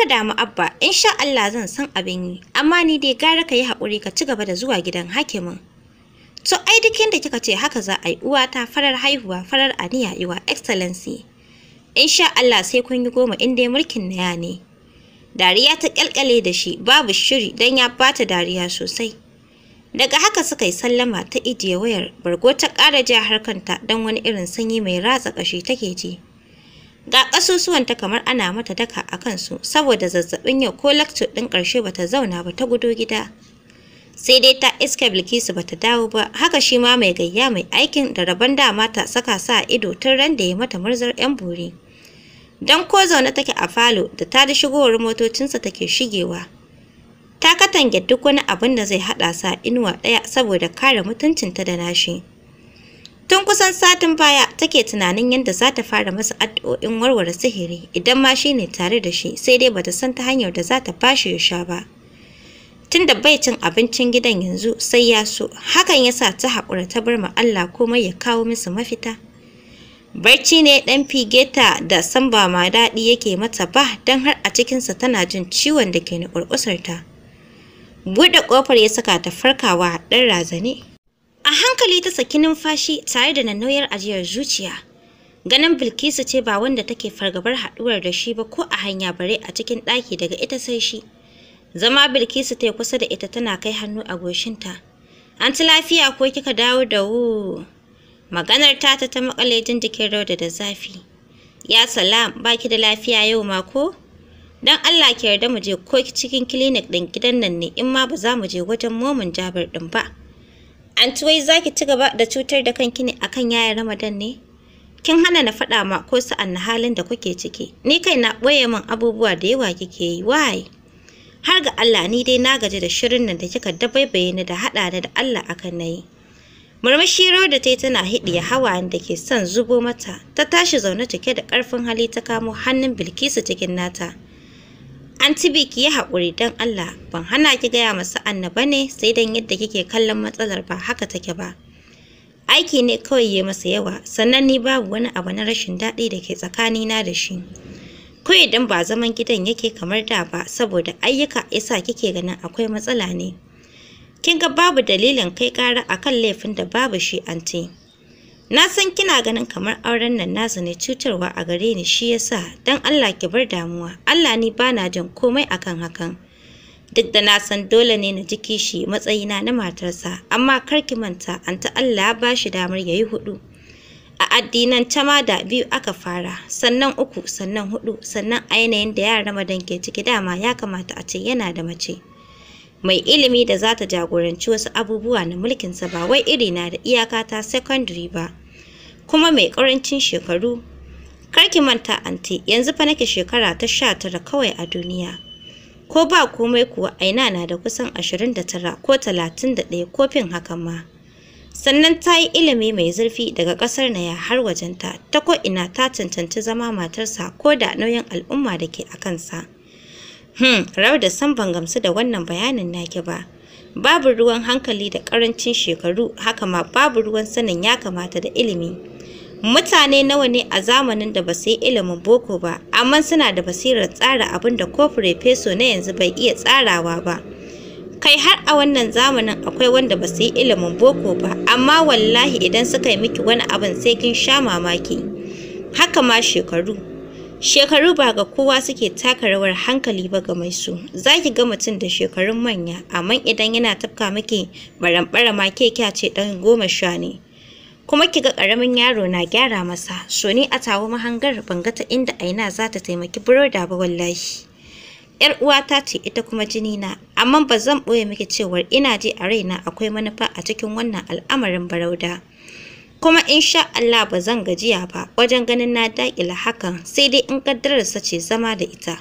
ka damu abba insha Allah zan san abin yi amma ni dai gara ka yi haƙuri ka ci gaba da zuwa gidan hakimin to ai duk inda kika ce haka za a yi uwa ta farar haihuwa farar aniya iwa excellency insha Allah sai kun yi goma in dai mulkin naya ne dariya ta kyalkyale da shi babu shiri dan ya bata dariya sosai daga haka suka yi sallama ta ijiye wayar bargo ta ƙara ja harkanta don wani irin sanyi mai ratsa ƙashi take ji ga ƙasusuwanta kamar ana mata daka a kansu saboda zazzabin yau ko lakcin ɗin ƙarshe bata zauna ba ta gudo gida sai dai ta iska bilkisu bata dawo ba haka shi ma mai gayya mai aikin da rabon dama ta saka sa ido tun ran da ya mata murzar yan bore don ko zaune take a falo da ta da shigowar motocinsa take shigewa ta katange duk wani abin da zai haɗa sa inuwa ɗaya saboda kare mutuncinta da nashi Tun kusan satin baya take tunanin yadda za ta fara masa addu'o'in warware sihiri idan ma shi ne tare da shi sai dai bata san ta hanyar da za ta bashi ya sha ba. Tun da bai cin abincin gidan yanzu sai ya so, hakan ya sa ta haƙura ta bar ma Allah komai ya kawo musu mafita. Barci ne ɗan figeta da san ba ma daɗi yake mata ba don har a cikinsa tana jin ciwon da ke na ta. Buɗe ƙofar ya saka ta farkawa ɗan razane. hankali ta saki numfashi tare da nannauyar ajiyar zuciya. Ganin Bilkisu ce ba wanda take fargabar haɗuwar da shi ba ko a hanya bare a cikin ɗaki daga ita sai shi. Zama Bilkisu ta kusa da ita tana kai hannu a goshinta. An ci lafiya ko kika dawo da wu. Maganar ta ta makale jin jikin rauda da zafi. Ya salam, baki da lafiya yau ma ko? Don Allah ki yarda mu je ko cikin clinic ɗin gidan nan ne in ma ba za mu je wajen momin jabir ɗin ba. Anti wai za ci gaba da cutar da kanki ne akan yayin Ramadan ne? Kin hana na faɗa ma ko sa'an na halin da kuke ciki. Ni kai na ɓoye min abubuwa da yawa kike yi. Why? Har ga Allah ni dai na gaji da shirin nan da kika dabaibaye ni da haɗa da Allah akan nayi. Murmushi da ta yi tana hiɗiya hawayen da ke son zubo mata. Ta tashi zaune cike da karfin hali ta kamo hannun Bilkisu cikin nata. An ci ki yi haƙuri don Allah, ban hana ki gaya masa annaba ne sai don yadda kike kallon matsalar ba haka take ba. Aiki ne kawai ya masa yawa, sannan ni babu wani abu na rashin daɗi da ke tsakani na da shi. Kawai idan ba zaman gidan yake kamar da ba saboda ayyuka yasa kike ganin akwai matsala ne. Kin ga babu dalilin kai ƙara akan laifin da babu shi anti. Na san kina ganin kamar auren nan nasa ne cutarwa a gare ni shi yasa dan Allah ki bar damuwa. Allah ni bana jin komai akan hakan. Duk da na san dole ne na ji kishi matsayina na matarsa, amma kar ki manta an ta Allah ba shi damar yayi hudu. A addinan ta da biyu aka fara, sannan uku, sannan hudu, sannan a yanayin da yaran madan ke ciki dama ya kamata a ce yana da mace. mai ilimi da za ta jagoranci wasu abubuwa na mulkinsa ba wai iri na da iyaka ta secondary ba kuma mai ƙarancin shekaru karki manta anti yanzu fa nake shekara ta sha tara kawai a duniya ko ba komai kuwa aina na da kusan ashirin da tara ko talatin da ɗaya kofin hakan ma sannan ta yi ilimi mai zurfi daga ƙasar ya har wajenta ta ko'ina ta cancanci zama matarsa ko da nauyin al'umma da ke a kansa. Hmm, da san ban gamsu da wannan bayanin naki ba. Babu ruwan hankali da ƙarancin shekaru, haka ma babu ruwan sanin ya kamata da ilimi. Mutane nawa ne a zamanin da ba su yi ilimin boko ba, amma suna da basirar tsara abin da ko feso na yanzu bai iya tsarawa ba. Kai har a wannan zamanin akwai wanda ba su yi ilimin boko ba, amma wallahi idan suka yi miki wani abin sai kin sha mamaki. Haka ma shekaru, Shekaru ba ga kowa suke taka rawar hankali ba ga mai su. Za ki ga mutum da shekarun manya, amma idan yana tafka miki barambara ma ke ce dan goma sha ne. Kuma ki ga karamin yaro na gyara masa, so ni a tawo mahangar Banga ta inda aina za ta taimaki buroda ba wallahi. ‘Yar uwata ce ita kuma jini na, amma ba zan ɓoye miki cewar ina ji a raina akwai manufa a cikin wannan al'amarin barauda. kuma in insha Allah ba zan gajiya ba wajen ganin na daƙila hakan sai dai in ƙaddararsa ce zama da ita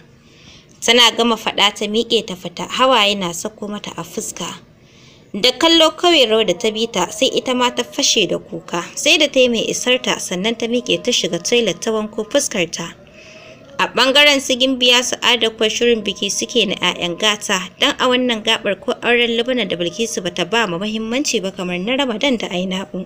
tana gama faɗa ta miƙe ta fita hawaye na sako mata a fuska da kallo kawai rawar da ta bi ta sai ita ma ta fashe da kuka sai da ta yi mai isar ta, sannan ta miƙe ta shiga toilet ta wanko ta. a ɓangaren su gimbiya su ada shirin biki suke na 'ya'yan gata don a wannan gabar ko auren Lubana da bilkisu bata ba mu muhimmanci ba kamar na ramadan da aina'u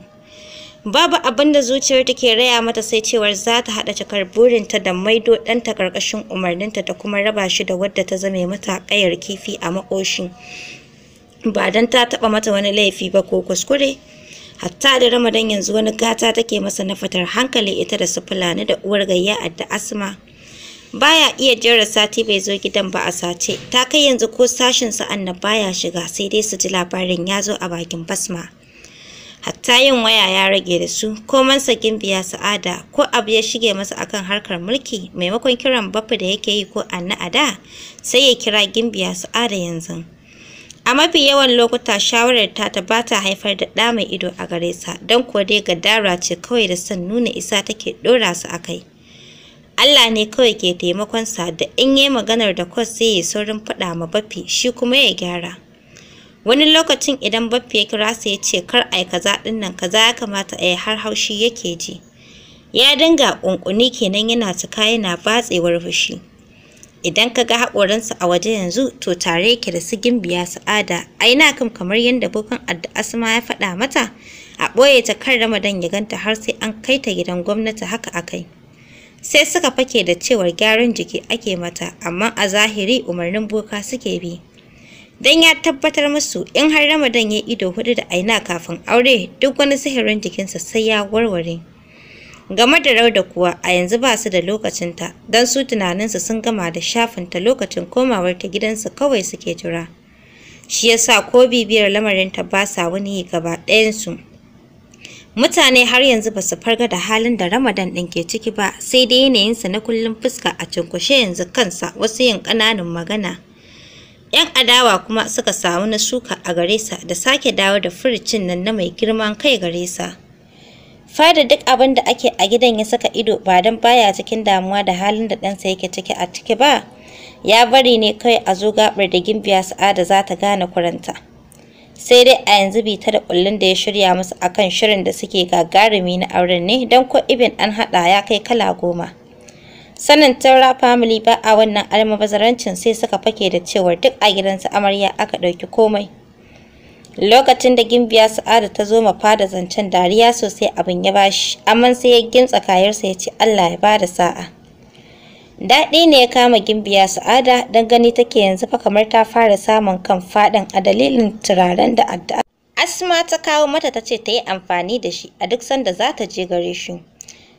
babu abin da zuciyar take raya mata sai cewar za ta haɗa cikar burinta da maido ɗanta ƙarƙashin umarninta ta kuma raba shi da wadda ta zame mata ƙayar kifi a maƙoshin ba don ta taɓa mata wani laifi ba ko kuskure hatta da ramadan yanzu wani gata take masa na fatar hankali ita da su fulani da uwar gayya da asma baya iya jera sati bai zo gidan ba a sace ta kai yanzu ko sashin sa'an na baya shiga sai dai su ji labarin ya zo a bakin basma hatta yin waya ya rage da su ko mansa gimbiya sa'ada ko abu ya shige masa akan harkar mulki maimakon kiran bafa da yake yi ko anna a da sai ya kira gimbiya sa'ada yanzu a mafi yawan lokuta shawarar ta ta ba ta haifar da ɗa mai ido a gare sa don kuwa dai gadara ce kawai da san nuna isa take ɗora su a kai Allah ne kawai ke taimakon sa, da in yi maganar da kwas sai ya saurin faɗa ma bafi shi kuma ya gyara wani lokacin idan baffi ya kira sa ya ce kar ai kaza din nan kaza ya kamata ai har haushi yake ji ya dinga kunkuni kenan yana cika, yana batsewar fushi idan ka ga haƙoransa a waje yanzu to tare yake da su gimbiya sa'ada na kam kamar yadda bokan adda asma ya faɗa mata a ɓoye ta kan ramadan ya ganta har sai an kai ta gidan gwamnati haka akai sai suka fake da cewar gyaran jiki ake mata amma a zahiri umarnin boka suke bi don ya tabbatar musu in har Ramadan ya ido hudu da aina kafin aure duk wani sihirin jikinsa sai ya warware. Game da Rauda kuwa a yanzu ba su da lokacinta don su tunaninsu sun gama da shafinta lokacin komawar ta gidansu kawai suke jira. Shi yasa ko bibiyar lamarinta ba sa wani yi gaba ɗayansu. Mutane har yanzu ba su farga da halin da Ramadan ɗin ke ciki ba sai dai yanayinsa na kullum fuska a cunkushe yanzu kansa wasu yin ƙananan magana. 'Yan adawa kuma suka samu na shuka a gare sa da sake dawo da furicin nan na mai girman kai gare sa. Fada duk abin da ake a gidan ya saka ido ba dan baya cikin damuwa da halin da ɗansa yake ciki a ciki ba, ya bari ne kai a zo gaɓar da gimbiya sa'ada za ta gane kuranta. Sai dai a yanzu bi ta da kullun da ya shirya musu akan shirin da suke gagarumi na auren ne dan ko ibin an haɗa ya kai kala goma. sanin taura family ba a wannan almabazarancin sai suka fake da cewar duk a gidansa amarya aka ɗauki komai lokacin da gimbiya sa'ada ta zo ma fada zancen dariya sosai abin ya bashi amma sai ya gimtsa kayarsa ya ce allah ya bada sa'a daɗi ne ya kama gimbiya sa'ada don gani take yanzu fa kamar ta fara samun kan faɗin a dalilin turaren da addu'a asma ta kawo mata ta ce ta yi amfani da shi a duk sanda za ta je gare shi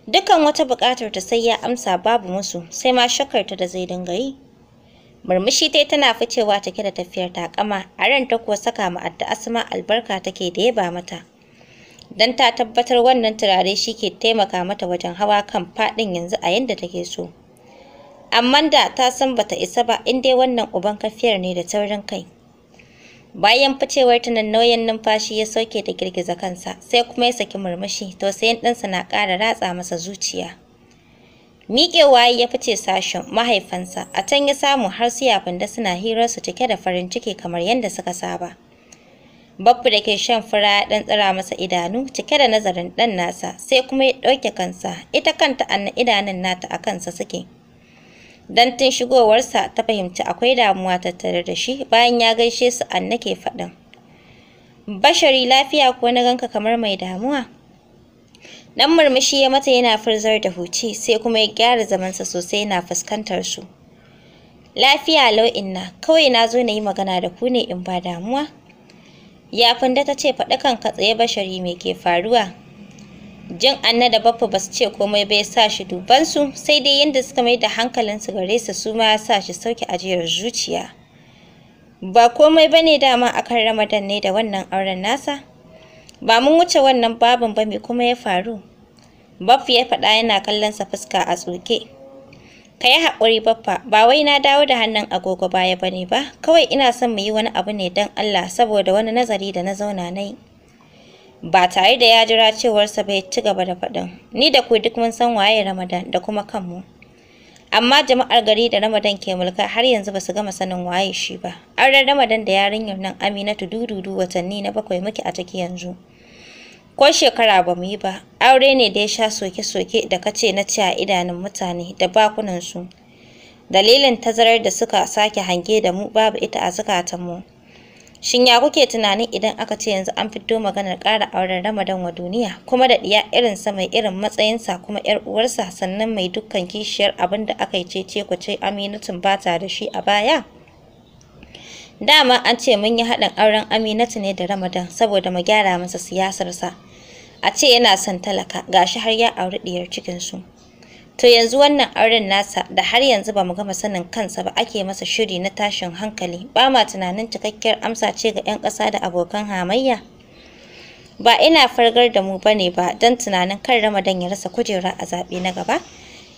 Dukan wata buƙatar ta sai ya amsa babu musu, sai ma shakarta da zai dinga yi. Murmushi tai tana ficewa take da tafiyar takama, a ran ta kuwa saka ma adda asma albarka take da yaba mata. Dan ta tabbatar wannan turare shi ke taimaka mata wajen hawa kan faɗin yanzu a yanda take so. Amma da ta san bata isa ba in dai wannan uban kafiyar ne da taurin kai. Bayan ficewar tunan nauyin numfashi ya sauke da girgiza kansa, sai kuma ya saki murmushi, to sai ɗansa na ƙara ratsa masa zuciya. Miƙewa ya fice sashen mahaifansa, a can ya samu har su yafin da suna su cike da farin ciki kamar yadda suka saba. Babu da ke shan fura ya ɗan tsira masa idanu cike da nazarin ɗan nasa, sai kuma ya ɗauke kansa, ita kanta an idanun nata a kansa suke. don tun shigowarsa ta fahimci akwai damuwa tattare da shi bayan ya gaishe su an ke faɗin bashari lafiya ko na ganka kamar mai damuwa dan murmushi ya mata yana furzar da huci sai kuma ya gyara zamansa sosai yana fuskantar su lafiya lau inna kawai na zo na yi magana da ku ne in ba damuwa ya fanda ta ce faɗi kanka tsaye bashari me ke faruwa jin anna da baffa ba su ce komai ba ya sa shi su, sai dai yadda suka mai da su gare su su ma ya sa shi sauke ajiyar zuciya ba komai ba dama akan ramadan ne da wannan auren nasa ba mun wuce wannan babin ba mai kuma ya faru baffa ya faɗa yana kallon sa fuska a tsoke ka yi haƙuri baffa ba wai na dawo da hannun agogo baya ba ne ba kawai ina son mu yi wani abu ne don allah saboda wani nazari da na zauna na yi ba tare da ya jira cewarsa ba ya ci gaba da faɗin ni da ku duk mun san waye ramadan da kuma kanmu amma jama'ar gari da ramadan ke mulka har yanzu ba su gama sanin waye shi ba an ran ramadan da yarinyar nan aminatu dududu watanni na bakwai muke a ciki yanzu ko shekara ba mu yi ba aure ne da ya sha soke-soke da kace na ci a idanun mutane da su. dalilin tazarar da suka sake hange da mu babu ita a zukatanmu mu Shin ya kuke tunanin idan aka ce yanzu an fito maganar ƙara auren Ramadan wa duniya kuma da ɗiya irinsa mai irin matsayinsa kuma ‘yar uwarsa sannan mai dukkan kishiyar abin da aka yi cece ku ce Aminatun ba ta da shi a baya? Dama an ce mun yi haɗin auren Aminatu ne da Ramadan saboda mu gyara masa siyasarsa. A ce yana son talaka gashi har ya auri ɗiyar cikinsu. To yanzu wannan auren nasa da har yanzu ba mu gama sanin kansa ba ake masa shiri na tashin hankali ba ma tunanin cikakkiyar amsa ce ga 'yan ƙasa da abokan hamayya. Ba ina fargar da mu ba ne ba don tunanin kan Ramadan ya rasa kujera a zaɓe na gaba.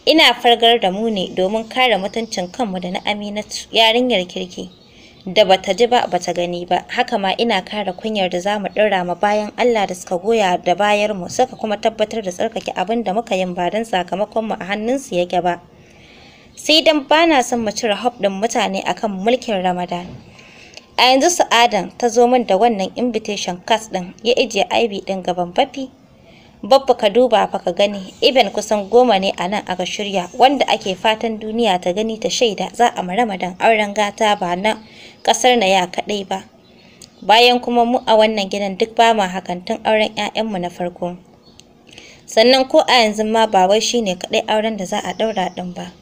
Ina fargar da mu ne domin kare mutuncin kanmu da na Aminatu yarinyar kirki. da bata ji ba bata gani ba haka ma ina kare kunyar da zamu dora ma bayan Allah da suka goya da bayar mu suka kuma tabbatar da tsarkake abin da muka yin ba dan sakamakon mu a hannun su yake ba sai dan bana son mu cire hop din mutane akan mulkin Ramadan a yanzu Sa'adan ta zo min da wannan invitation card din ya ije IB din gaban bafi babba ka duba fa ka gani iben kusan goma ne a nan aka shirya wanda ake fatan duniya ta gani ta shaida za a maramadan auren gata ba na kasar na ya kadai ba bayan kuma mu a wannan gidan duk ba ma hakan tun auren 'ya'yanmu na farko sannan ko a yanzu ma ba wai shine kadai auren da za a daura din ba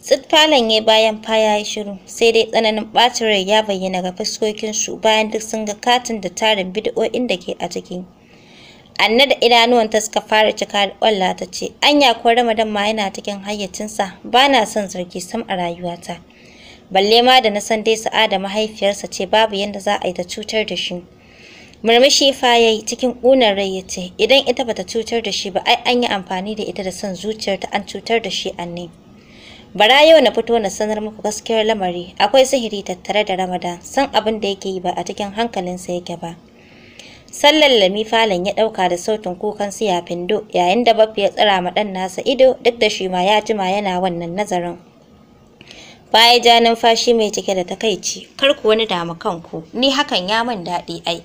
Tsit falon ya bayan faya ya shiru, sai dai tsananin ɓacin ya bayyana ga fuskokinsu bayan duk sun ga katin da tarin bidiyo inda ke a ciki. Anna da idanuwanta suka fara cika da kwalla ta ce, Anya ko Ramadan ma yana cikin hayyacinsa, ba na son zargi sam a rayuwata. Balle ma da na san dai sa'ada mahaifiyarsa ce babu yadda za a yi ta cutar da shi. Murmushi fa ya yi cikin ƙunar rai ya ce, Idan ita bata cutar da shi ba, ai an yi amfani da ita da son ta an cutar da shi anne. Bara yau na fito na sanar muku gaskiyar lamari, akwai sihiri tattare da Ramadan, san abin da yake yi ba a cikin hankalinsa yake ba. Sallan lami falon ya ɗauka da sautin kukan siya findo. yayin da Baffi ya tsira ma ɗan nasa ido duk da shi ma ya jima yana wannan nazarin. Baya ja numfashi mai cike da takaici, kar ku wani damu kanku, ni hakan ya min daɗi ai.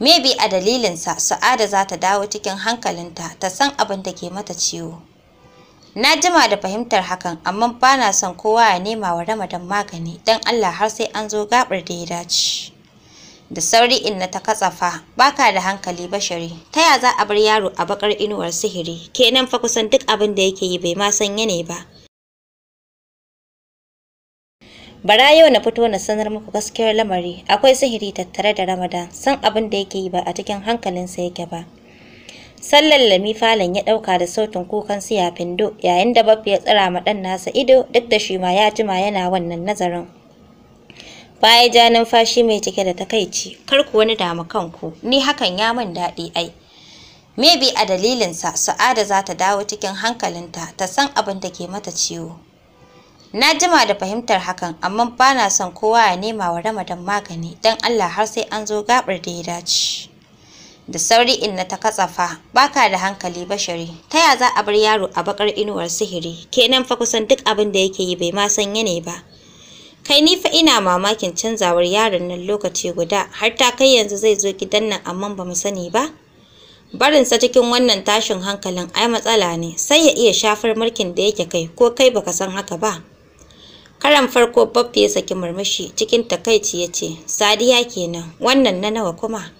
Me bi a dalilinsa Sa'ada za ta dawo cikin hankalinta ta san abin da ke mata ciwo. Na jima da fahimtar hakan amma ba na son kowa ya nema wa Ramadan magani don Allah har sai an zo gaɓar da ya dace. da sauri in na ta katsafa baka da hankali bashari ta ya za a bar yaro a bakar inuwar sihiri kenan fa kusan duk abin da yake yi bai ma san yane ba bara yau na fito na sanar muku gaskiyar lamari akwai sihiri tattare da ramadan san abin da yake yi ba a cikin hankalinsa yake ba Sallan lami falon ya ɗauka da sautin kukan siya findo yayin da babu ya tsira ma ɗan nasa ido duk da shi ma ya jima yana wannan nazarin. Baya ja numfashi mai cike da takaici, kar ku wani damu kanku, ni hakan ya min daɗi ai. Maybe a dalilin sa Sa'ada za ta dawo cikin hankalinta ta san abin da ke mata ciwo. Na jima da fahimtar hakan amma ba na son kowa ya nema wa Ramadan magani dan Allah har sai an zo gabar da ya dace. Da sauri in na ta katsafa baka da hankali bashari ta ya za a bar yaro a bakar inuwar sihiri kenan fa kusan duk abin da yake yi bai ma san yane ba. Kai ni fa ina mamakin canzawar yaron nan lokaci guda har ta kai yanzu zai zo gidan nan amma ba mu sani ba. Barinsa cikin wannan tashin hankalin ai matsala ne sai ya iya shafar mulkin da yake kai ko kai baka san haka ba. Karan farko Baffi ya saki murmushi cikin takaici ya ce, Sadiya kenan, wannan na nawa kuma.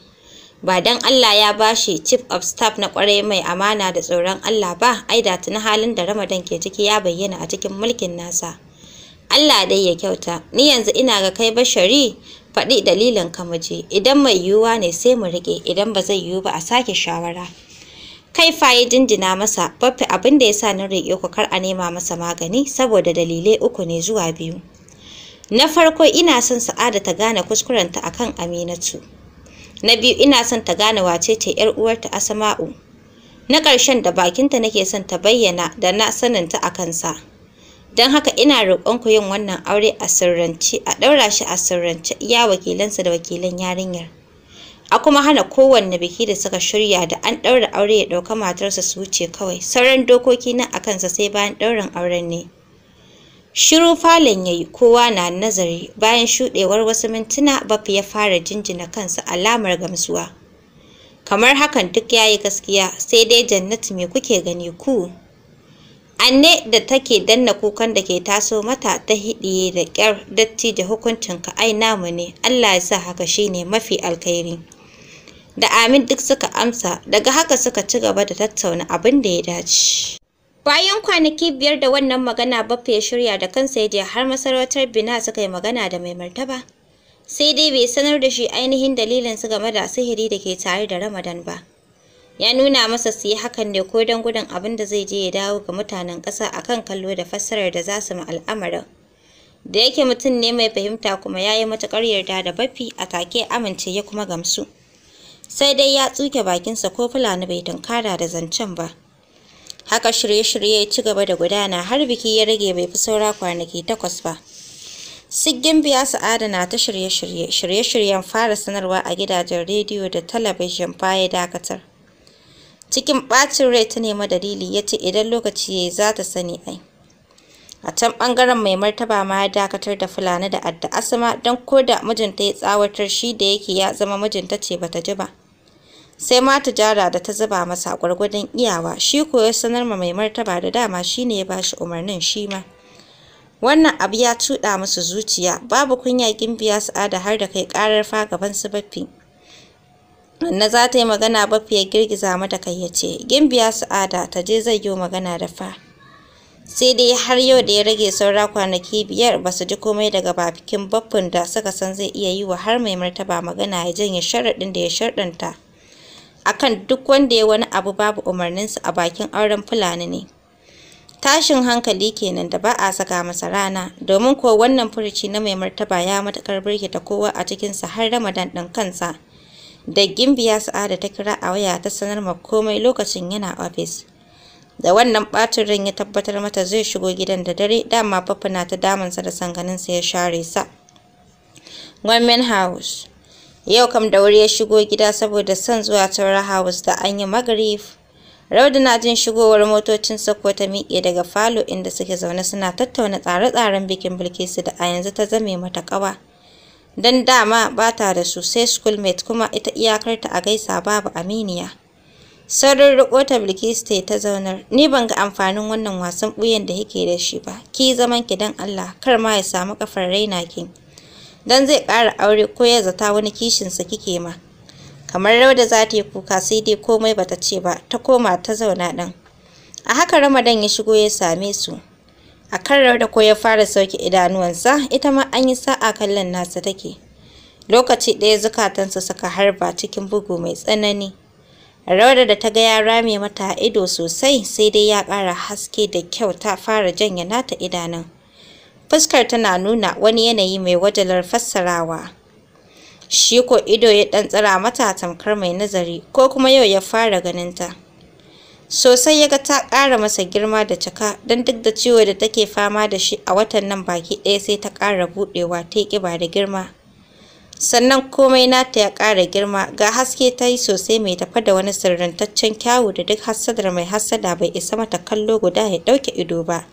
Ba dan Allah ya bashi chief of staff na kwarai mai amana da tsoron Allah ba, ai da na halin da Ramadan ke ciki ya bayyana a cikin mulkin nasa. Allah dai ya kyauta ni yanzu ina ga kai bashari faɗi dalilin ka muje idan mai yiwuwa ne sai mu rike idan ba zai yiwu ba a sake shawara kai fayi dindina masa baffi abin da ya sa na rike ku kar a nema masa magani saboda dalilai uku ne zuwa biyu na farko ina son sa'ada ta gane kuskurenta akan aminatu na biyu ina son ta gane wace ce yar uwarta Asma'u. na ƙarshen da bakinta nake son ta bayyana da na saninta a kansa don haka ina roƙon ku yin wannan aure a sirrance a ɗaura shi a sirrance iya wakilansa da wakilan yarinyar a kuma hana kowanne biki da suka shirya da an ɗaura aure ya ɗauka matarsa su wuce kawai sauran dokoki na a kansa sai bayan ɗaurin auren ne shiru falon ya yi kowa na nazari bayan shuɗewar wasu mintuna bafi ya fara jinjina kansa alamar gamsuwa kamar hakan duk ya yi gaskiya sai dai jannatu me kuke gani ku Anne da take danna kukan da ke taso mata ta hidiye da ƙyar datti da ka ai namu ne, Allah ya sa haka shine mafi alkhairi. Da Amin duk suka amsa, daga haka suka ci gaba da tattauna abin da ya dace. Bayan kwanaki biyar da wannan magana Baffa ya shirya da kansa ya je har masarautar Bina suka yi magana da mai martaba. Sai dai bai sanar da shi ainihin dalilin su game da sihiri da ke tare da Ramadan ba. ya nuna masa su yi hakan ne ko don gudun abin da zai je ya dawo ga mutanen ƙasa kan kallo da fassarar da za su al'amarin da yake mutum ne mai fahimta kuma ya yi matuƙar yarda da baffi a take amince ya kuma gamsu sai dai ya tsuke bakinsa ko fulani bai tunkara da zancen ba haka shirye-shirye ya ci gaba da gudana har biki ya rage bai fi saura kwanaki takwas ba sigin biya sa'ada na ta shirye-shirye shirye-shiryen fara sanarwa a gidajen rediyo da talabijin baya dakatar cikin ɓacin rai ta nema dalili ya ce idan lokaci ya yi za ta sani ai a can ɓangaren mai martaba ma ya dakatar da fulani da adda asama don ko da mijinta ya tsawatar shi da yake ya zama mijinta ce bata ji ba sai ma ta jara da ta zuba masa gwargwadon iyawa shi ko ya sanar ma mai martaba da dama shine ya bashi umarnin shi ma wannan abu ya cuɗa musu zuciya babu kunya gimbiya sa'ada har da kai ƙarar fa gaban su baffi Hanna za ta yi magana ba ya girgiza mata kai ya ce, Gimbiya Sa'ada ta je zai yi magana da fa. Sai dai har yau da ya rage saura kwanaki biyar ba su ji komai daga bakin Baffin da suka san zai iya yi wa har mai martaba magana ya janye sharaɗin da ya sharɗanta. Akan duk wanda ya wani abu babu umarninsu a bakin auren Fulani ne. Tashin hankali kenan da ba a saka masa rana, domin ko wannan furuci na mai martaba ya matuƙar ta kowa a cikinsa har Ramadan ɗin kansa. da gimbiya sa'ada ta kira a waya ta sanar ma komai lokacin yana ofis da wannan ɓacin ran ya tabbatar mata zai shigo gidan da dare dama na ta damansa da sanganinsa ya share sa gwamnan house yau kam da wuri ya shigo gida saboda son zuwa taura house da an yi magrif na jin shigowar motocin sako ta miƙe daga falo inda suke zaune suna tattauna tsare-tsaren bikin bilkisu da a yanzu ta zame mata ƙawa don dama ba ta da su sai schoolmate kuma ita iyakarta a gaisa babu aminiya saurin riko ta ta zaunar ni ban ga amfanin wannan wasan buyan da yake da shi ba ki zaman ki dan Allah kar ma ya samu kafar raina ki dan zai ƙara aure ko ya zata wani kishin sa kike ma kamar rauda za ta yi kuka sai dai komai bata ce ba ta koma ta zauna dan a haka ramadan ya shigo ya same su a kan da ko ya fara sauke idanuwansa ita ma an yi sa'a kallon nasa take lokaci ɗaya zukatansa suka harba cikin bugu mai tsanani rauda da ta ga ya rame mata ido sosai sai dai ya ƙara haske da kyau ta fara janye nata idanun fuskar tana nuna wani yanayi mai wajalar fassarawa shi ko ido ya ɗan tsira mata tamkar mai nazari ko kuma yau ya fara ganinta sosai yaga ta ƙara masa girma da cika don duk da ciwo da take fama da shi a watan nan baki ɗaya sai ta ƙara buɗewa ta yi ƙiba da girma sannan komai nata ya ƙara girma ga haske ta yi sosai mai tafa da wani sirrintaccen kyawu da duk hassadar mai hassada bai isa mata kallo guda ya ɗauke ido ba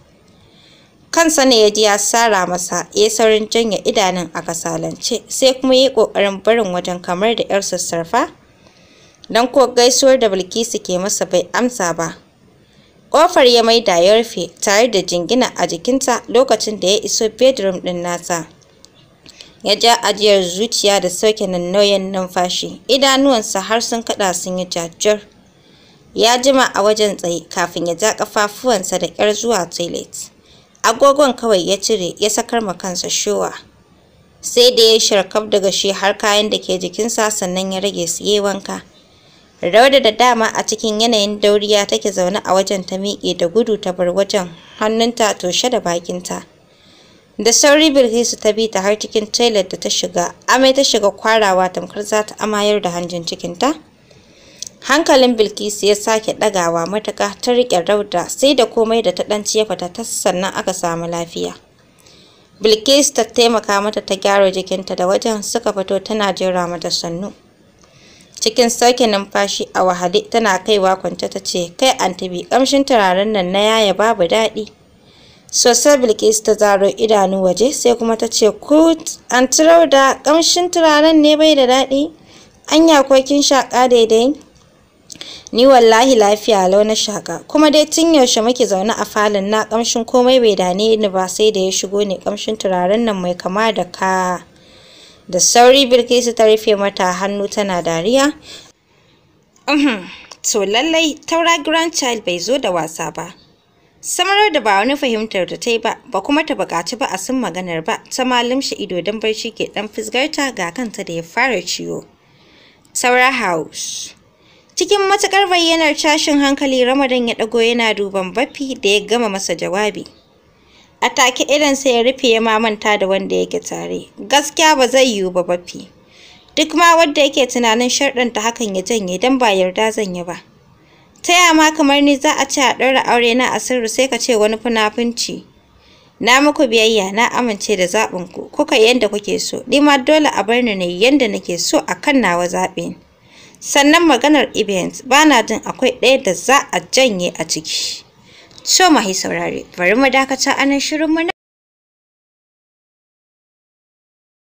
kan sani ya ji ya sara masa ya saurin janya idanun a kasalance sai kuma ya ƙoƙarin barin wajen kamar da 'yar sassarfa don ko gaisuwar da Bilkisu ke masa bai amsa ba. Ƙofar ya maida ya rufe tare da jingina a jikinta lokacin da ya iso bedroom ɗin nasa. Ya ja ajiyar zuciya da sauke nauyin numfashi, idanuwansa har sun kaɗa sun yi jajjar. Ya jima a wajen tsaye kafin ya ja ƙafafuwansa da ƙyar zuwa toilet. Agogon kawai ya cire ya sakar ma kansa shuwa. Sai da ya sharkaf daga shi har kayan da ke jikinsa sannan ya rage su yi wanka. Rauda da dama a cikin yanayin dauriya take zaune a wajen ta miƙe da gudu ta bar wajen hannunta toshe da bakinta. Da sauri Bilkisu ta bi ta har cikin toilet da ta shiga, amai ta shiga kwarawa tamkar za ta amayar da hanjin cikinta. Hankalin Bilkisu ya sake ɗagawa matuƙa ta rike Rauda sai da komai da ta ɗan fata ta sannan aka samu lafiya. Bilkisu ta taimaka mata ta gyara jikinta da wajen suka fito tana jera mata sannu. cikin sauke numfashi a wahale tana kaiwa kwance ta ce kai antibi kamshin turaren nan na yaya babu daɗi sosai bilkis ta zaro idanu waje sai kuma ta ce kut an turau da kamshin turaren ne bai da daɗi anya ya kokin shaƙa daidai ni wallahi lafiya lau na shaƙa kuma dai tun yaushe muke zaune a falon na kamshin komai bai dane ni ba sai da ya shigo ne kamshin turaren nan mai kama da ka da sauri bilkisu ta rufe mata hannu tana dariya to lallai taura grand grandchild bai zo da wasa ba samarar da ba wani fahimtar da ta yi ba ba kuma ta bukaci ba a sun maganar ba ta shi ido don barci ke dan fisgarta ga kanta da ya fara ciwo saura house cikin matukar bayyanar tashin hankali ramadan ya dago yana duban bafi da ya gama masa jawabi a take sai ya rufe ya mamanta da wanda yake tare gaskiya ba zai yiwu ba bafi duk ma wanda yake tunanin sharɗanta hakan ya janye don ba yarda zan yi ba ta ya ma kamar ni za a ce a ɗaura aure na a sirri sai ka ce wani funafunci na muku biyayya na amince da zaɓin ku. kuka yadda kuke so ni ma dole a bar ni ne yadda nake so a kan nawa zaɓe sannan maganar event Bana na jin akwai ɗaya da za a janye a ciki So mahi saurare, bari mu dakata anan shirin mu